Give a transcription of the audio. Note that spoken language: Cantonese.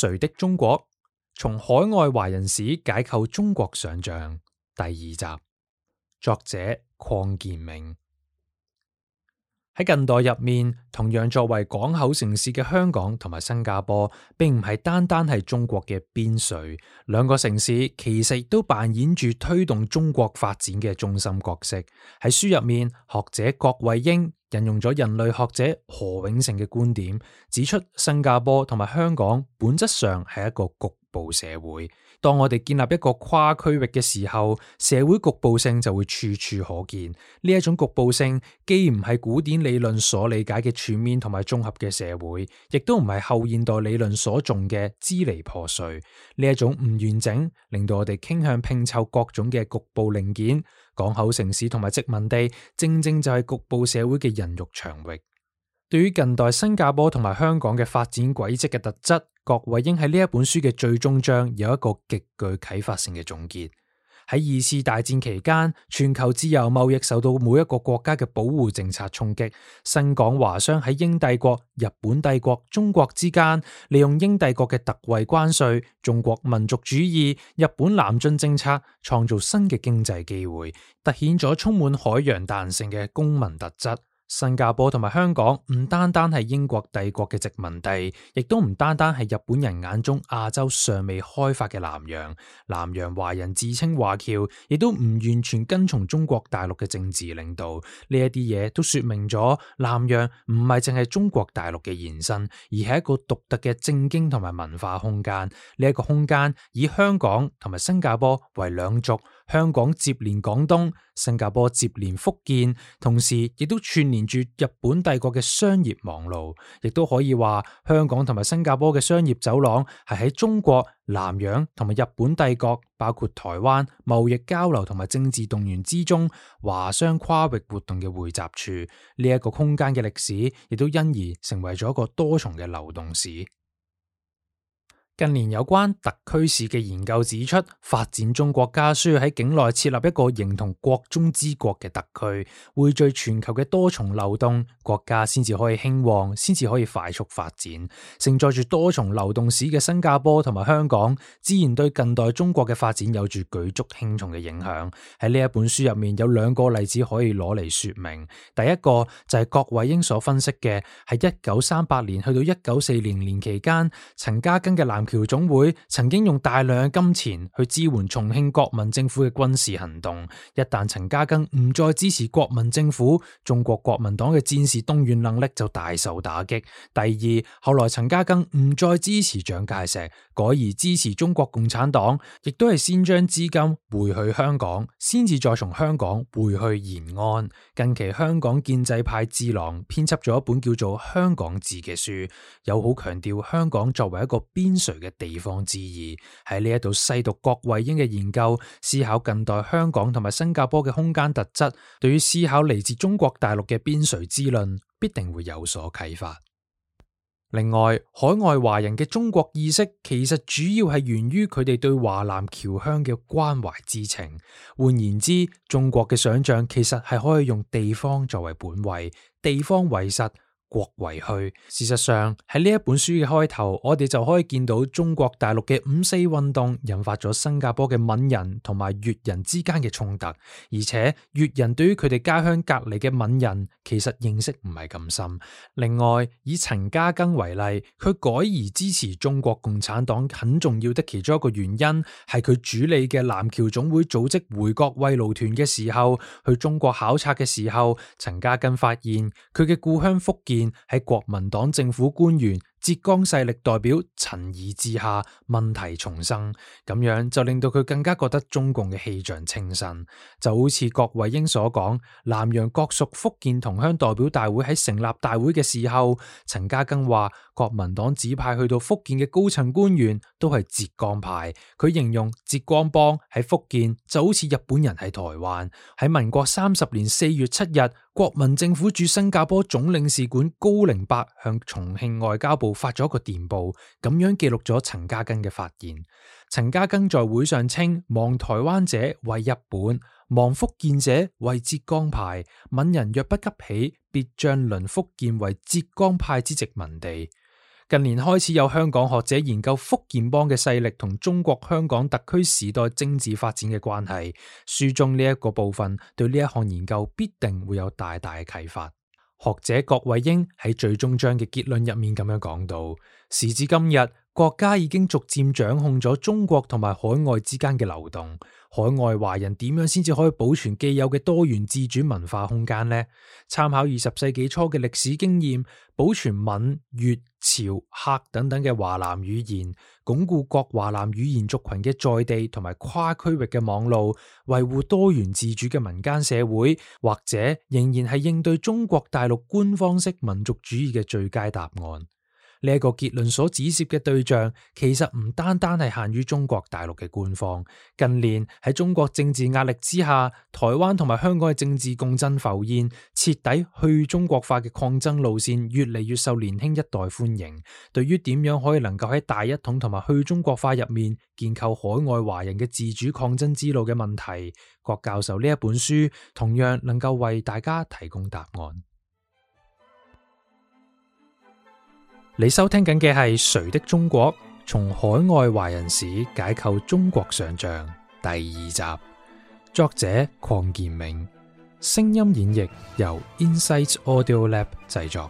誰的中國？從海外華人史解構中國想像，第二集。作者鄺健銘。喺近代入面，同樣作為港口城市嘅香港同埋新加坡，並唔係單單係中國嘅邊陲。兩個城市其實都扮演住推動中國發展嘅中心角色。喺書入面，學者郭慧英，引用咗人類學者何永成嘅觀點，指出新加坡同埋香港本質上係一個局。部社會，當我哋建立一個跨區域嘅時候，社會局部性就會處處可見。呢一種局部性既唔係古典理論所理解嘅全面同埋綜合嘅社會，亦都唔係後現代理論所重嘅支離破碎。呢一種唔完整，令到我哋傾向拼湊各種嘅局部零件。港口城市同埋殖民地，正正就係局部社會嘅人肉場域。對於近代新加坡同埋香港嘅發展軌跡嘅特質。郭慧英喺呢一本書嘅最終章有一個極具啟發性嘅總結。喺二次大戰期間，全球自由貿易受到每一個國家嘅保護政策衝擊。新港華商喺英帝國、日本帝國、中國之間，利用英帝國嘅特惠關稅、中國民族主義、日本南進政策，創造新嘅經濟機會，凸顯咗充滿海洋彈性嘅公民特質。新加坡同埋香港唔單單係英國帝國嘅殖民地，亦都唔單單係日本人眼中亞洲尚未開發嘅南洋。南洋華人自稱華僑，亦都唔完全跟從中國大陸嘅政治領導。呢一啲嘢都說明咗南洋唔係淨係中國大陸嘅延伸，而係一個獨特嘅政經同埋文化空間。呢、這、一個空間以香港同埋新加坡為兩族。香港接連廣東、新加坡接連福建，同時亦都串連住日本帝國嘅商業網路，亦都可以話香港同埋新加坡嘅商業走廊係喺中國、南洋同埋日本帝國，包括台灣貿易交流同埋政治動員之中，華商跨域活動嘅匯集處。呢一、這個空間嘅歷史，亦都因而成為咗一個多重嘅流動史。近年有關特區史嘅研究指出，發展中國家需要喺境內設立一個認同國中之國嘅特區，匯聚全球嘅多重流動，國家先至可以興旺，先至可以快速發展。承載住多重流動史嘅新加坡同埋香港，自然對近代中國嘅發展有住舉足輕重嘅影響。喺呢一本書入面，有兩個例子可以攞嚟說明。第一個就係郭偉英所分析嘅，喺一九三八年去到一九四零年期間，陳嘉庚嘅南。僑總會曾經用大量嘅金錢去支援重慶國民政府嘅軍事行動，一旦陳嘉庚唔再支持國民政府，中國國民黨嘅戰事動員能力就大受打擊。第二，後來陳嘉庚唔再支持蔣介石，改而支持中國共產黨，亦都係先將資金匯去香港，先至再從香港匯去延安。近期香港建制派智囊編輯咗一本叫做《香港志》嘅書，有好強調香港作為一個邊陲嘅地方之二。喺呢一度細讀郭慧英嘅研究，思考近代香港同埋新加坡嘅空間特質，對於思考嚟自中國大陸嘅邊陲之論必定會有所啟發。另外，海外華人嘅中國意識其實主要係源於佢哋對華南僑鄉嘅關懷之情。換言之，中國嘅想象其實係可以用地方作為本位，地方為實。國為去，事實上，喺呢一本書嘅開頭，我哋就可以見到中國大陸嘅五四運動引發咗新加坡嘅閩人同埋粵人之間嘅衝突，而且粵人對於佢哋家鄉隔籬嘅閩人其實認識唔係咁深。另外，以陳嘉庚為例，佢改而支持中國共產黨很重要的其中一個原因，係佢主理嘅南僑總會組織回國慰勞團嘅時候，去中國考察嘅時候，陳嘉庚發現佢嘅故鄉福建。喺國民黨政府官員、浙江勢力代表陳儀之下，問題叢生，咁樣就令到佢更加覺得中共嘅氣象清新，就好似郭慧英所講，南洋各屬福建同鄉代表大會喺成立大會嘅時候，陳嘉庚話國民黨指派去到福建嘅高層官員都係浙江派，佢形容浙江幫喺福建就好似日本人喺台灣，喺民國三十年四月七日。國民政府駐新加坡總領事館高凌白向重慶外交部發咗一個電報，咁樣記錄咗陳嘉庚嘅發言。陳嘉庚在會上稱：望台灣者為日本，望福建者為浙江派。閩人若不急起，別將淪福建為浙江派之殖民地。近年開始有香港學者研究福建幫嘅勢力同中國香港特區時代政治發展嘅關係，書中呢一個部分對呢一項研究必定會有大大嘅啟發。學者郭慧英喺最終章嘅結論入面咁樣講到：時至今日。國家已經逐漸掌控咗中國同埋海外之間嘅流動，海外華人點樣先至可以保存既有嘅多元自主文化空間呢？參考二十世紀初嘅歷史經驗，保存閩、粵、潮、客等等嘅華南語言，鞏固各華南語言族群嘅在地同埋跨區域嘅網路，維護多元自主嘅民間社會，或者仍然係應對中國大陸官方式民族主義嘅最佳答案。呢一個結論所指涉嘅對象，其實唔單單係限於中國大陸嘅官方。近年喺中國政治壓力之下，台灣同埋香港嘅政治共振浮現，徹底去中國化嘅抗爭路線越嚟越受年輕一代歡迎。對於點樣可以能夠喺大一統同埋去中國化入面建構海外華人嘅自主抗爭之路嘅問題，郭教授呢一本書同樣能夠為大家提供答案。你收聽緊嘅係《誰的中國》從海外華人史解構中國想像第二集，作者鄺健銘，聲音演繹由 Insight Audio Lab 製作。